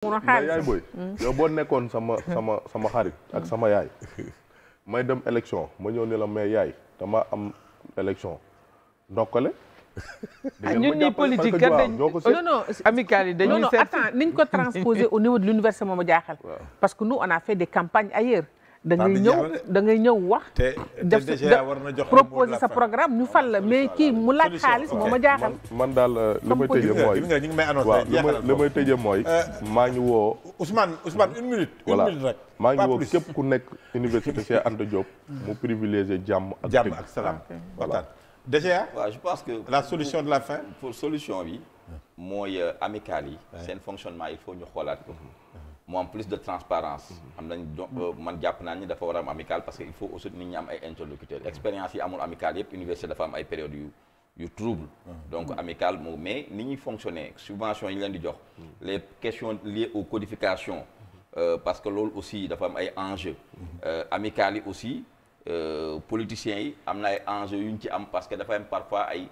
mun a yaay booy hmm. yow boo nekkoon sama sama sama xarit ak sama yaay may dem élection ma ñëw ne la mais yaay dama am élection ndokkale ah, ñun ñi politique kat dañ non non amical yi dañuy seet non niñ ko transposer au niveau de l'université moom a jaaxal parce que nous on a fait des campagnes ailleurs da ngay ñëw da ngay ñëw wax. def proposer sa programme ñu fal la mais kii mu laaj xaalis moo ma jaaxal. man daal euh, li may tëjee mooy li may annoncé li may tëjee mooy. maa ngi woo. Ousmane Ousmane une minute. une minute rek maa ngi woo képp ku nekk université Cheikh Anta Diop. mu privilégié jàmm ak. jàmm ak salaam waxtaan. déjà waaw je pense que. la solution de la fin. pour solution euh, yi mooy amicale yi. seen fonctionnement il faut ñu xoolaat ko. Mhm. mu am plus de transparence am nañ euh, man jàpp naa ni dafa war a am amical parce que il faut aussi nit ñi am ay interlocuteurs expérience yi amul amical yëpp université dafa am ay période yu trouble donc mm-hmm. amical mais ni ñuy fonctionner subvention yi leen di jox mm-hmm. les questions liées aux codifications euh, parce que loolu aussi dafa am ay enjeux mm-hmm. euh, amical yi aussi politiciens yi am na ay enjeux yu ñu ci am parce que dafa am parfois ay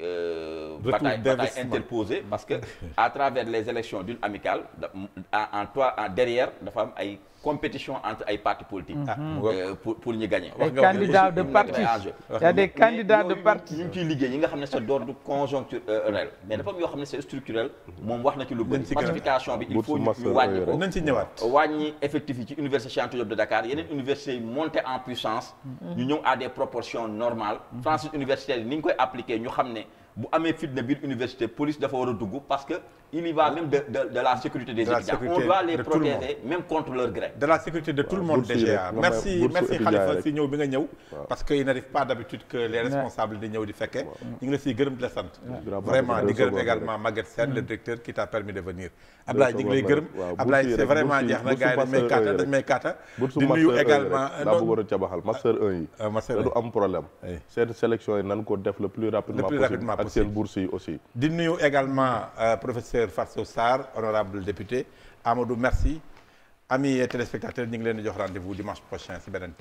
Euh, bataille, bataille interposée parce que à travers les élections d'une amicale en toi en derrière dafa am ay compétition entre ay partis politiques. Mm-hmm. Ah, euh, pour pour ñu gagner. wax de parti il y a des candidats de parti. ñu ngi liggéey yi nga xam ne c'est d'ordre conjoncturel. Euh, mais dafa am yoo xam ne c'est structurel. moom wax na ci lu bëri massification bi il faut ñu wàññi ko nañ ci ñëwaat. ci université Cheikh de Dakar yeneen universités yi monté en puissance. Mm-hmm. ñu ñëw à des proportions normales. Mm-hmm. franchise universitaire ni ñu koy appliquer ñu xam ne. bu amee fitna biir université police dafa war a dugg parce que il y va même de de de la sécurité des étudiants on doit contre leur gré. de la sécurité de tout le monde déjà merci merci Khalifa si ñëw bi nga ñëw parce que il n'arrive pas d'habitude que les responsables di ñëw di fekke ñu ngi la siy gërëm di la sant le mm. directeur qui t'a permis de venir Ablaye ñu ngi lay gërëm Ablaye c'est vraiment jeex na may kaata dañ may kaata di nuyu également ak seen bourse yi aussi di nuyu également euh, professeur Fatou Sarr honorable député Amadou merci amis téléspectateurs ñu ngi leen di jox rendez-vous dimanche prochain si beneen